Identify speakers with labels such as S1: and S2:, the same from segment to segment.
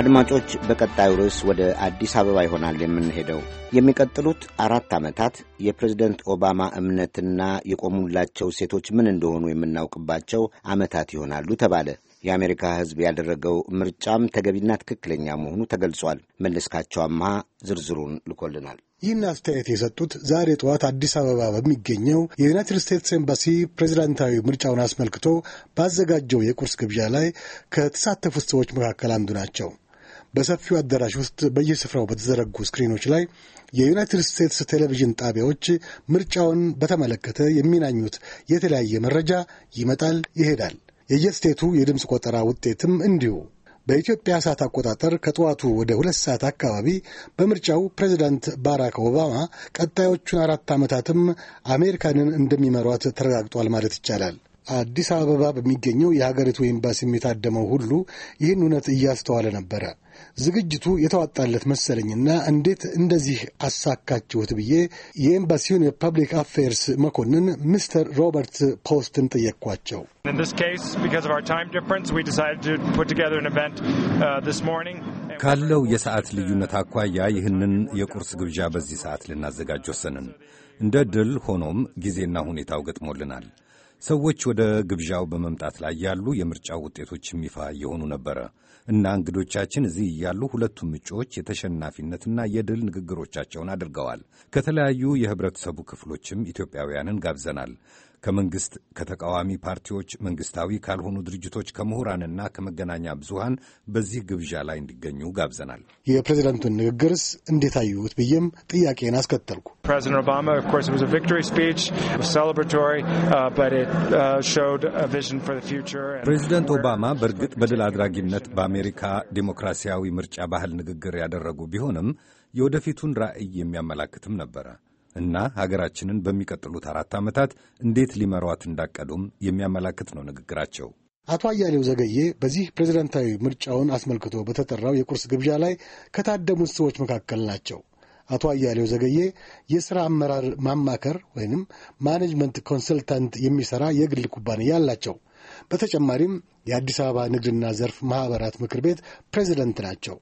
S1: አድማጮች፣ በቀጣዩ ርዕስ ወደ አዲስ አበባ ይሆናል የምንሄደው። የሚቀጥሉት አራት ዓመታት የፕሬዝደንት ኦባማ እምነትና የቆሙላቸው ሴቶች ምን እንደሆኑ የምናውቅባቸው ዓመታት ይሆናሉ ተባለ። የአሜሪካ ሕዝብ ያደረገው ምርጫም ተገቢና ትክክለኛ መሆኑ ተገልጿል። መለስካቸው አምሃ ዝርዝሩን ልኮልናል።
S2: ይህን አስተያየት የሰጡት ዛሬ ጠዋት አዲስ አበባ በሚገኘው የዩናይትድ ስቴትስ ኤምባሲ ፕሬዚዳንታዊ ምርጫውን አስመልክቶ ባዘጋጀው የቁርስ ግብዣ ላይ ከተሳተፉት ሰዎች መካከል አንዱ ናቸው። በሰፊው አዳራሽ ውስጥ በየስፍራው በተዘረጉ ስክሪኖች ላይ የዩናይትድ ስቴትስ ቴሌቪዥን ጣቢያዎች ምርጫውን በተመለከተ የሚናኙት የተለያየ መረጃ ይመጣል፣ ይሄዳል። የየስቴቱ የድምፅ ቆጠራ ውጤትም እንዲሁ። በኢትዮጵያ ሰዓት አቆጣጠር ከጠዋቱ ወደ ሁለት ሰዓት አካባቢ በምርጫው ፕሬዚዳንት ባራክ ኦባማ ቀጣዮቹን አራት ዓመታትም አሜሪካንን እንደሚመሯት ተረጋግጧል ማለት ይቻላል። አዲስ አበባ በሚገኘው የሀገሪቱ ኤምባሲም የታደመው ሁሉ ይህን እውነት እያስተዋለ ነበረ። ዝግጅቱ የተዋጣለት መሰለኝና እንዴት እንደዚህ አሳካችሁት ብዬ የኤምባሲውን የፐብሊክ አፌርስ መኮንን ሚስተር ሮበርት
S3: ፖስትን ጠየቅኳቸው። uh, ካለው የሰዓት ልዩነት አኳያ ይህንን የቁርስ ግብዣ በዚህ ሰዓት ልናዘጋጅ ወሰንን። እንደ ድል ሆኖም ጊዜና ሁኔታው ገጥሞልናል። ሰዎች ወደ ግብዣው በመምጣት ላይ ያሉ የምርጫው ውጤቶች ይፋ እየሆኑ ነበረ እና እንግዶቻችን እዚህ እያሉ ሁለቱም እጩዎች የተሸናፊነትና የድል ንግግሮቻቸውን አድርገዋል። ከተለያዩ የህብረተሰቡ ክፍሎችም ኢትዮጵያውያንን ጋብዘናል። ከመንግስት ከተቃዋሚ ፓርቲዎች፣ መንግስታዊ ካልሆኑ ድርጅቶች፣ ከምሁራንና ከመገናኛ ብዙሃን በዚህ ግብዣ ላይ እንዲገኙ ጋብዘናል።
S2: የፕሬዚዳንቱን
S3: ንግግርስ እንዴት አዩት ብዬም
S2: ጥያቄን አስከተልኩ።
S3: ፕሬዚደንት uh, uh, ኦባማ በእርግጥ በድል አድራጊነት በአሜሪካ ዴሞክራሲያዊ ምርጫ ባህል ንግግር ያደረጉ ቢሆንም የወደፊቱን ራዕይ የሚያመላክትም ነበረ። እና ሀገራችንን በሚቀጥሉት አራት ዓመታት እንዴት ሊመሯት እንዳቀዱም የሚያመላክት ነው ንግግራቸው።
S2: አቶ አያሌው ዘገዬ በዚህ ፕሬዝደንታዊ ምርጫውን አስመልክቶ በተጠራው የቁርስ ግብዣ ላይ ከታደሙት ሰዎች መካከል ናቸው። አቶ አያሌው ዘገዬ የሥራ አመራር ማማከር ወይንም ማኔጅመንት ኮንሰልታንት የሚሠራ የግል ኩባንያ አላቸው። በተጨማሪም የአዲስ አበባ ንግድና ዘርፍ ማኅበራት ምክር ቤት ፕሬዝደንት ናቸው።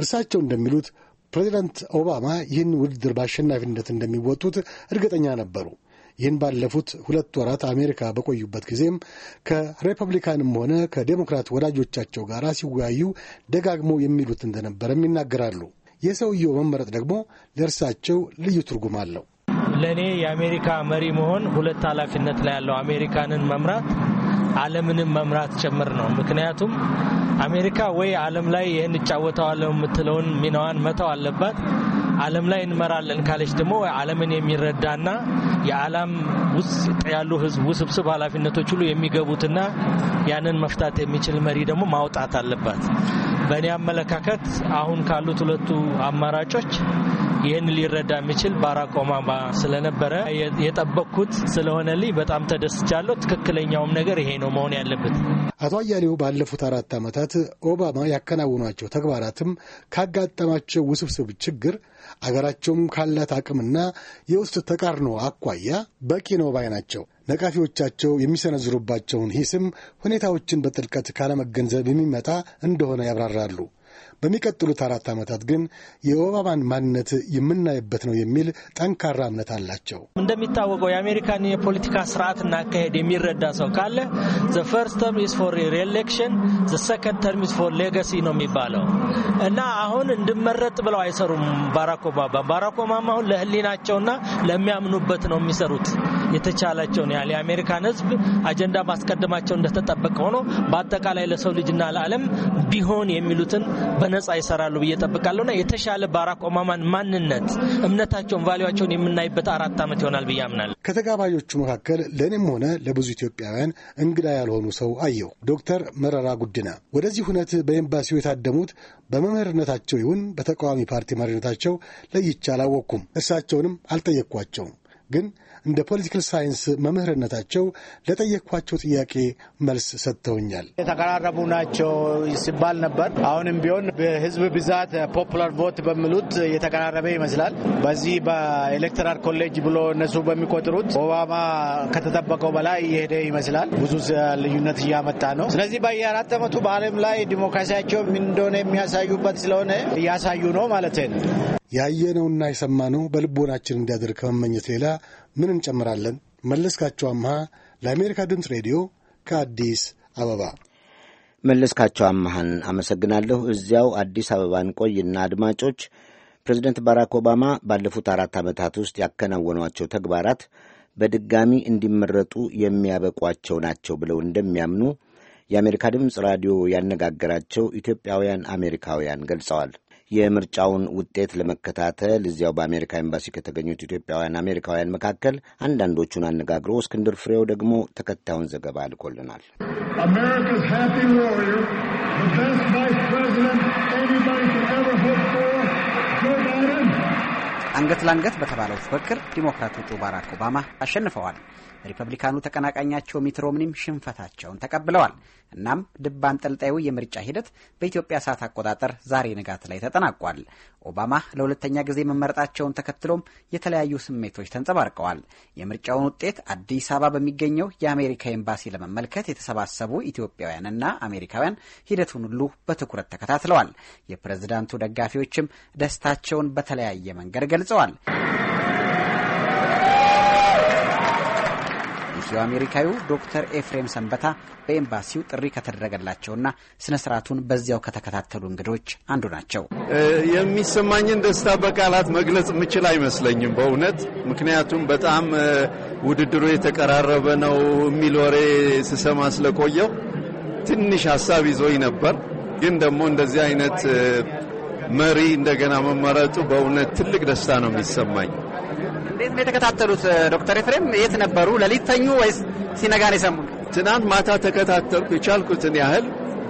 S2: እርሳቸው እንደሚሉት ፕሬዚዳንት ኦባማ ይህን ውድድር በአሸናፊነት እንደሚወጡት እርግጠኛ ነበሩ። ይህን ባለፉት ሁለት ወራት አሜሪካ በቆዩበት ጊዜም ከሪፐብሊካንም ሆነ ከዴሞክራት ወዳጆቻቸው ጋር ሲወያዩ ደጋግመው የሚሉት እንደነበረም ይናገራሉ። የሰውየው መመረጥ ደግሞ ለእርሳቸው ልዩ ትርጉም አለው።
S4: ለእኔ የአሜሪካ መሪ መሆን ሁለት ኃላፊነት ላይ ያለው አሜሪካንን መምራት አለምንም መምራት ጭምር ነው። ምክንያቱም አሜሪካ ወይ ዓለም ላይ ይህን እጫወተዋለሁ የምትለውን ሚናዋን መተው አለባት። ዓለም ላይ እንመራለን ካለች ደግሞ ዓለምን የሚረዳና የዓለም ውስጥ ያሉ ህዝብ ውስብስብ ኃላፊነቶች ሁሉ የሚገቡትና ያንን መፍታት የሚችል መሪ ደግሞ ማውጣት አለባት። በእኔ አመለካከት አሁን ካሉት ሁለቱ አማራጮች ይህን ሊረዳ የሚችል ባራክ ኦባማ ስለነበረ የጠበቅኩት ስለሆነልኝ በጣም ተደስቻለሁ። ትክክለኛውም ነገር ይሄ ነው መሆን ያለበት።
S2: አቶ አያሌው ባለፉት አራት ዓመታት ኦባማ ያከናውኗቸው ተግባራትም ካጋጠማቸው ውስብስብ ችግር አገራቸውም ካላት አቅምና የውስጥ ተቃርኖ አኳያ በቂ ነው ባይ ናቸው። ነቃፊዎቻቸው የሚሰነዝሩባቸውን ሂስም ሁኔታዎችን በጥልቀት ካለመገንዘብ የሚመጣ እንደሆነ ያብራራሉ። በሚቀጥሉት አራት ዓመታት ግን የኦባማን ማንነት የምናይበት ነው የሚል ጠንካራ እምነት አላቸው።
S4: እንደሚታወቀው የአሜሪካን የፖለቲካ ስርዓት አካሄድ የሚረዳ ሰው ካለ ዘ ፈርስት ተርም ኢዝ ፎር ሪኤሌክሽን ዘ ሰከንድ ተርም ፎር ሌጋሲ ነው የሚባለው እና አሁን እንድመረጥ ብለው አይሰሩም። ባራክ ኦባማ ባራክ ኦባማ አሁን ለህሊናቸውና ለሚያምኑበት ነው የሚሰሩት። የተቻላቸውን ያህል የአሜሪካን ህዝብ አጀንዳ ማስቀደማቸው እንደተጠበቀ ሆኖ በአጠቃላይ ለሰው ልጅና ለዓለም ቢሆን የሚሉትን በነጻ ይሰራሉ ብዬ ጠብቃለሁና የተሻለ ባራክ ኦባማን ማንነት፣ እምነታቸውን፣ ቫሊዋቸውን የምናይበት አራት ዓመት ይሆናል ብዬ አምናለሁ።
S2: ከተጋባዦቹ መካከል ለእኔም ሆነ ለብዙ ኢትዮጵያውያን እንግዳ ያልሆኑ ሰው አየሁ። ዶክተር መረራ ጉድና ወደዚህ ሁነት በኤምባሲው የታደሙት በመምህርነታቸው ይሁን በተቃዋሚ ፓርቲ መሪነታቸው ለይቼ አላወቅኩም። እሳቸውንም አልጠየቅኳቸውም ግን እንደ ፖለቲካል ሳይንስ መምህርነታቸው ለጠየቅኳቸው ጥያቄ መልስ ሰጥተውኛል።
S4: የተቀራረቡ ናቸው ሲባል ነበር። አሁንም ቢሆን በህዝብ ብዛት ፖፑላር ቮት በሚሉት የተቀራረበ ይመስላል። በዚህ በኤሌክትራል ኮሌጅ ብሎ እነሱ በሚቆጥሩት ኦባማ ከተጠበቀው በላይ እየሄደ ይመስላል። ብዙ ልዩነት እያመጣ ነው። ስለዚህ በየአራት ዓመቱ በዓለም ላይ ዲሞክራሲያቸው ምን እንደሆነ የሚያሳዩበት ስለሆነ እያሳዩ ነው ማለት ነው።
S2: ያየነውና የሰማነው በልቦናችን እንዲያደርግ ከመመኘት ሌላ ምን እንጨምራለን? መለስካቸው አምሃ ለአሜሪካ ድምፅ ሬዲዮ ከአዲስ አበባ።
S1: መለስካቸው አምሃን አመሰግናለሁ። እዚያው አዲስ አበባን ቆይና አድማጮች፣ ፕሬዚደንት ባራክ ኦባማ ባለፉት አራት ዓመታት ውስጥ ያከናወኗቸው ተግባራት በድጋሚ እንዲመረጡ የሚያበቋቸው ናቸው ብለው እንደሚያምኑ የአሜሪካ ድምፅ ራዲዮ ያነጋገራቸው ኢትዮጵያውያን አሜሪካውያን ገልጸዋል። የምርጫውን ውጤት ለመከታተል እዚያው በአሜሪካ ኤምባሲ ከተገኙት ኢትዮጵያውያን አሜሪካውያን መካከል አንዳንዶቹን አነጋግሮ እስክንድር ፍሬው ደግሞ ተከታዩን ዘገባ ልኮልናል።
S5: አንገት ለአንገት በተባለው ፉክክር ዲሞክራቱ እጩ ባራክ ኦባማ አሸንፈዋል። ሪፐብሊካኑ ተቀናቃኛቸው ሚት ሮምኒም ሽንፈታቸውን ተቀብለዋል። እናም ድብ አንጠልጣዩ የምርጫ ሂደት በኢትዮጵያ ሰዓት አቆጣጠር ዛሬ ንጋት ላይ ተጠናቋል። ኦባማ ለሁለተኛ ጊዜ መመረጣቸውን ተከትሎም የተለያዩ ስሜቶች ተንጸባርቀዋል። የምርጫውን ውጤት አዲስ አበባ በሚገኘው የአሜሪካ ኤምባሲ ለመመልከት የተሰባሰቡ ኢትዮጵያውያንና አሜሪካውያን ሂደቱን ሁሉ በትኩረት ተከታትለዋል። የፕሬዝዳንቱ ደጋፊዎችም ደስታቸውን በተለያየ መንገድ ገልጸዋል። ገልጸዋል። ሩሲያው አሜሪካዊው ዶክተር ኤፍሬም ሰንበታ በኤምባሲው ጥሪ ከተደረገላቸውና ስነ ስርዓቱን በዚያው ከተከታተሉ እንግዶች አንዱ ናቸው።
S6: የሚሰማኝን ደስታ በቃላት መግለጽ የምችል አይመስለኝም በእውነት ምክንያቱም በጣም ውድድሩ የተቀራረበ ነው የሚል ወሬ ስሰማ ስለቆየው ትንሽ ሀሳብ ይዞኝ ነበር። ግን ደግሞ እንደዚህ አይነት መሪ እንደገና መመረጡ በእውነት ትልቅ ደስታ ነው የሚሰማኝ። እንዴት ነው የተከታተሉት? ዶክተር ኤፍሬም የት ነበሩ? ለሊት ተኙ ወይስ ሲነጋን የሰሙት? ትናንት ማታ ተከታተልኩ። የቻልኩትን ያህል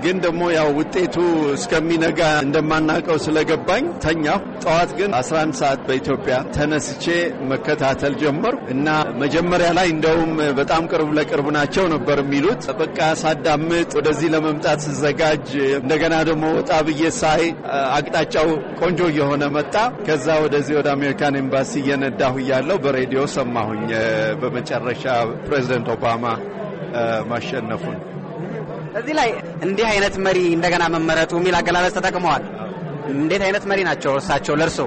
S6: ግን ደግሞ ያው ውጤቱ እስከሚነጋ እንደማናቀው ስለገባኝ ተኛሁ። ጠዋት ግን 11 ሰዓት በኢትዮጵያ ተነስቼ መከታተል ጀመሩ እና መጀመሪያ ላይ እንደውም በጣም ቅርብ ለቅርብ ናቸው ነበር የሚሉት። በቃ ሳዳምጥ ወደዚህ ለመምጣት ስዘጋጅ እንደገና ደግሞ ወጣ ብዬ ሳይ አቅጣጫው ቆንጆ እየሆነ መጣ። ከዛ ወደዚህ ወደ አሜሪካን ኤምባሲ እየነዳሁ እያለሁ በሬዲዮ ሰማሁኝ በመጨረሻ ፕሬዚደንት ኦባማ ማሸነፉን
S5: እዚህ ላይ እንዲህ አይነት መሪ እንደገና መመረጡ የሚል አገላለጽ ተጠቅመዋል። እንዴት አይነት መሪ ናቸው እርሳቸው ለእርሶ?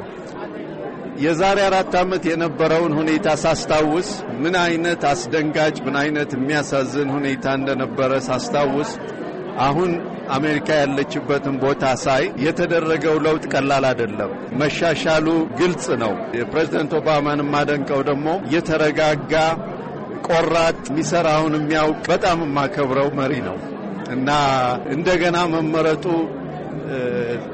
S6: የዛሬ አራት ዓመት የነበረውን ሁኔታ ሳስታውስ ምን አይነት አስደንጋጭ ምን አይነት የሚያሳዝን ሁኔታ እንደነበረ ሳስታውስ አሁን አሜሪካ ያለችበትን ቦታ ሳይ የተደረገው ለውጥ ቀላል አይደለም። መሻሻሉ ግልጽ ነው። የፕሬዝደንት ኦባማን የማደንቀው ደግሞ የተረጋጋ ቆራጥ፣ የሚሰራውን የሚያውቅ በጣም የማከብረው መሪ ነው። እና እንደገና መመረጡ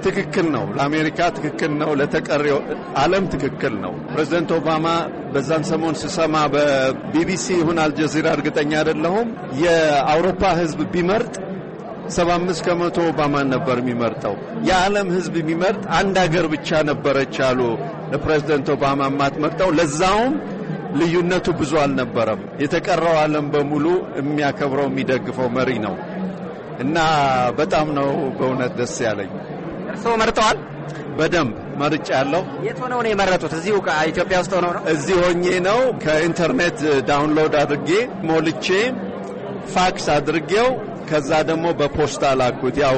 S6: ትክክል ነው። ለአሜሪካ ትክክል ነው። ለተቀሪው ዓለም ትክክል ነው። ፕሬዚደንት ኦባማ በዛን ሰሞን ስሰማ በቢቢሲ ይሁን አልጀዚራ እርግጠኛ አይደለሁም የአውሮፓ ሕዝብ ቢመርጥ 75 ከመቶ ኦባማን ነበር የሚመርጠው። የዓለም ሕዝብ የሚመርጥ አንድ አገር ብቻ ነበረች አሉ ለፕሬዚደንት ኦባማ የማትመርጠው ለዛውም ልዩነቱ ብዙ አልነበረም። የተቀረው ዓለም በሙሉ የሚያከብረው የሚደግፈው መሪ ነው። እና በጣም ነው በእውነት ደስ ያለኝ። እርስዎ መርጠዋል? በደንብ መርጫ ያለው። የት ሆነው ነው የመረጡት? እዚሁ ኢትዮጵያ ውስጥ ሆነው ነው? እዚህ ሆኜ ነው። ከኢንተርኔት ዳውንሎድ አድርጌ ሞልቼ ፋክስ አድርጌው ከዛ ደግሞ በፖስታ ላኩት። ያው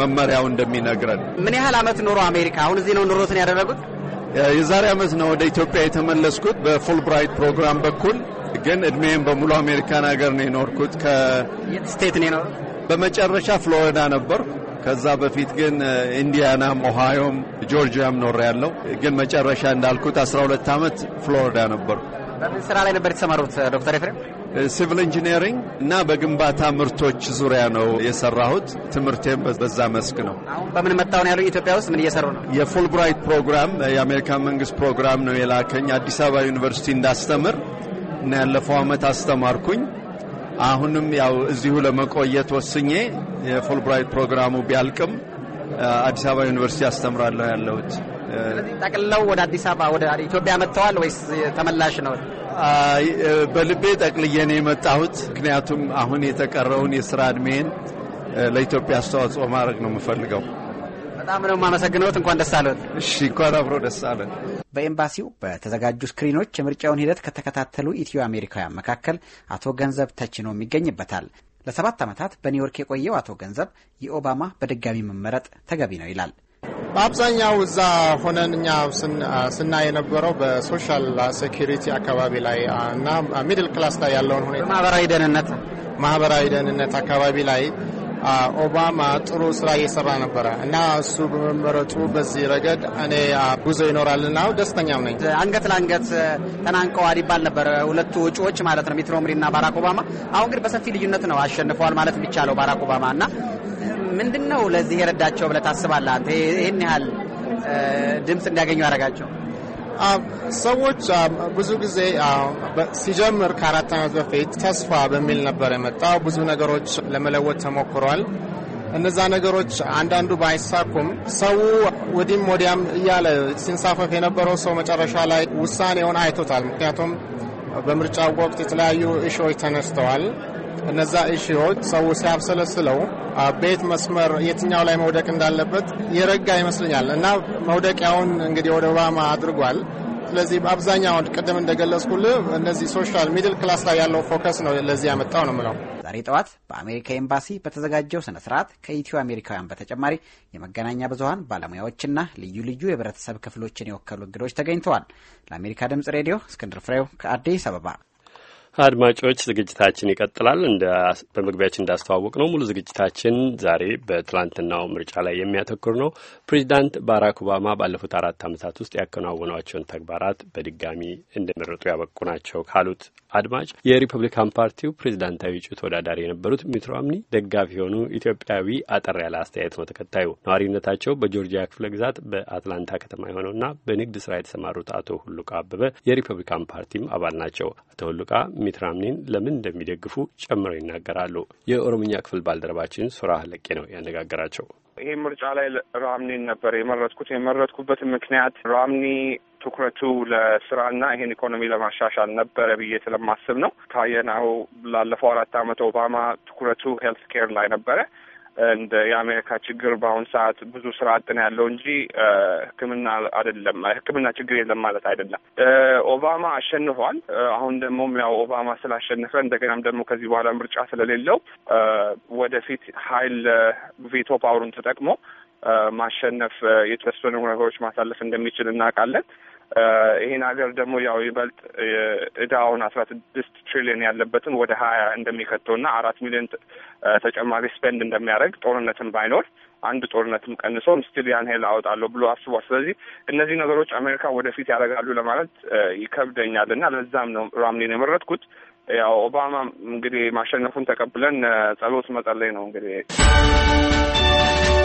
S6: መመሪያው እንደሚነግረን። ምን ያህል አመት ኑሮ አሜሪካ? አሁን እዚህ ነው ኑሮትን ያደረጉት? የዛሬ አመት ነው ወደ ኢትዮጵያ የተመለስኩት በፉልብራይት ፕሮግራም በኩል ግን እድሜም በሙሉ አሜሪካን ሀገር ነው የኖርኩት። ከስቴት ነው የኖርኩት በመጨረሻ ፍሎሪዳ ነበር። ከዛ በፊት ግን ኢንዲያናም፣ ኦሃዮም፣ ጆርጂያም ኖር ያለው ግን መጨረሻ እንዳልኩት 12 ዓመት ፍሎሪዳ ነበርኩ። በምን ስራ ላይ ነበር የተሰማሩት ዶክተር ኤፍሬም? ሲቪል ኢንጂነሪንግ እና በግንባታ ምርቶች ዙሪያ ነው የሰራሁት። ትምህርቴም በዛ መስክ ነው። አሁን በምን መጣሁ ነው ያሉ። ኢትዮጵያ ውስጥ ምን እየሰሩ ነው? የፉልብራይት ፕሮግራም የአሜሪካ መንግስት ፕሮግራም ነው የላከኝ አዲስ አበባ ዩኒቨርሲቲ እንዳስተምር እና ያለፈው ዓመት አስተማርኩኝ። አሁንም ያው እዚሁ ለመቆየት ወስኜ የፉልብራይት ፕሮግራሙ ቢያልቅም አዲስ አበባ ዩኒቨርሲቲ አስተምራለሁ ያለሁት።
S5: ጠቅልለው ወደ አዲስ አበባ ወደ ኢትዮጵያ መጥተዋል ወይስ ተመላሽ ነው?
S6: በልቤ ጠቅልዬ ነው የመጣሁት። ምክንያቱም አሁን የተቀረውን የስራ እድሜን ለኢትዮጵያ አስተዋጽኦ ማድረግ ነው የምፈልገው።
S5: በጣም ነው የማመሰግነውት። እንኳን ደስ አለት። እሺ፣ እንኳን አብሮ ደስ አለ። በኤምባሲው በተዘጋጁ ስክሪኖች የምርጫውን ሂደት ከተከታተሉ ኢትዮ አሜሪካውያን መካከል አቶ ገንዘብ ተችኖ ይገኝበታል። ለሰባት ዓመታት በኒውዮርክ የቆየው አቶ ገንዘብ የኦባማ በድጋሚ መመረጥ ተገቢ ነው ይላል።
S2: በአብዛኛው እዛ ሆነን እኛ ስና የነበረው በሶሻል ሴኪሪቲ አካባቢ ላይ እና ሚድል ክላስ ላይ ያለውን ሁኔታ ማህበራዊ ደህንነት ማህበራዊ ደህንነት አካባቢ ላይ ኦባማ ጥሩ ስራ እየሰራ ነበረ እና እሱ በመመረጡ በዚህ ረገድ እኔ ጉዞ ይኖራል ደስተኛም ነኝ።
S5: አንገት ለአንገት ተናንቀዋል ይባል ነበር ሁለቱ እጩዎች ማለት ነው ሚት ሮምኒ እና ባራክ ኦባማ። አሁን ግን በሰፊ ልዩነት ነው አሸንፈዋል ማለት የሚቻለው ባራክ ኦባማ እና ምንድን ነው ለዚህ የረዳቸው ብለህ ታስባለህ አንተ? ይህን ያህል ድምፅ እንዲያገኙ ያደረጋቸው Um,
S2: ሰዎች um, ብዙ ጊዜ um, ሲጀምር ከአራት ዓመት በፊት ተስፋ በሚል ነበር የመጣው። ብዙ ነገሮች ለመለወጥ ተሞክሯል። እነዛ ነገሮች አንዳንዱ ባይሳኩም ሰው ወዲም ወዲያም እያለ ሲንሳፈፍ የነበረው ሰው መጨረሻ ላይ ውሳኔውን አይቶታል። ምክንያቱም በምርጫው ወቅት የተለያዩ እሾች ተነስተዋል። እነዛ እሺዎች ሰው ሲያብሰለስለው ቤት መስመር የትኛው ላይ መውደቅ እንዳለበት የረጋ ይመስለኛል እና መውደቂያውን እንግዲህ ወደ ኦባማ አድርጓል። ስለዚህ በአብዛኛውን ቅድም እንደገለጽኩል እነዚህ ሶሻል ሚድል ክላስ ላይ ያለው ፎከስ ነው ለዚህ
S5: ያመጣው ነው ምለው። ዛሬ ጠዋት በአሜሪካ ኤምባሲ በተዘጋጀው ስነ ስርዓት ከኢትዮ አሜሪካውያን በተጨማሪ የመገናኛ ብዙሀን ባለሙያዎችና ልዩ ልዩ የህብረተሰብ ክፍሎችን የወከሉ እንግዶች ተገኝተዋል። ለአሜሪካ ድምጽ ሬዲዮ እስክንድር ፍሬው ከአዲስ አበባ
S6: አድማጮች ዝግጅታችን ይቀጥላል። በመግቢያችን እንዳስተዋወቅ ነው ሙሉ ዝግጅታችን ዛሬ በትላንትናው ምርጫ ላይ የሚያተኩር ነው። ፕሬዚዳንት ባራክ ኦባማ ባለፉት አራት ዓመታት ውስጥ ያከናወኗቸውን ተግባራት በድጋሚ እንደመረጡ ያበቁ ናቸው ካሉት አድማጭ የሪፐብሊካን ፓርቲው ፕሬዚዳንታዊ እጩ ተወዳዳሪ የነበሩት ሚት ሮምኒ ደጋፊ የሆኑ ኢትዮጵያዊ አጠር ያለ አስተያየት ነው ተከታዩ። ነዋሪነታቸው በጆርጂያ ክፍለ ግዛት በአትላንታ ከተማ የሆነውና በንግድ ስራ የተሰማሩት አቶ ሁሉቃ አበበ የሪፐብሊካን ፓርቲም አባል ናቸው። አቶ ሁሉቃ ሚት ሮምኒን ለምን እንደሚደግፉ ጨምረው ይናገራሉ። የኦሮምኛ ክፍል ባልደረባችን ሱራ ለቄ ነው ያነጋገራቸው።
S3: ይሄ ምርጫ ላይ ራምኒን ነበር የመረጥኩት። የመረጥኩበትን ምክንያት ራምኒ ትኩረቱ ለስራና ይሄን ኢኮኖሚ ለማሻሻል ነበረ ብዬ ስለማስብ ነው። ካየናው ላለፈው አራት አመት ኦባማ ትኩረቱ ሄልት ኬር ላይ ነበረ። እንደ የአሜሪካ ችግር በአሁኑ ሰዓት ብዙ ስራ አጥን ያለው እንጂ ሕክምና አይደለም። ሕክምና ችግር የለም ማለት አይደለም። ኦባማ አሸንፏል። አሁን ደግሞም ያው ኦባማ ስላሸነፈ እንደገናም ደግሞ ከዚህ በኋላ ምርጫ ስለሌለው ወደፊት ሀይል ቬቶ ፓወሩን ተጠቅሞ ማሸነፍ የተወሰኑ ነገሮች ማሳለፍ እንደሚችል እናውቃለን። ይህን ሀገር ደግሞ ያው ይበልጥ እዳውን አስራ ስድስት ትሪሊዮን ያለበትን ወደ ሀያ እንደሚከተውና አራት ሚሊዮን ተጨማሪ ስፔንድ እንደሚያደርግ ጦርነትን ባይኖር አንድ ጦርነትም ቀንሶ ስቲል ያን ሄል አወጣለሁ ብሎ አስቧል። ስለዚህ እነዚህ ነገሮች አሜሪካ ወደፊት ያደርጋሉ ለማለት ይከብደኛል እና ለዛም ነው ራምሊን የመረጥኩት። ያው ኦባማ እንግዲህ ማሸነፉን ተቀብለን ጸሎት መጸለይ ነው እንግዲህ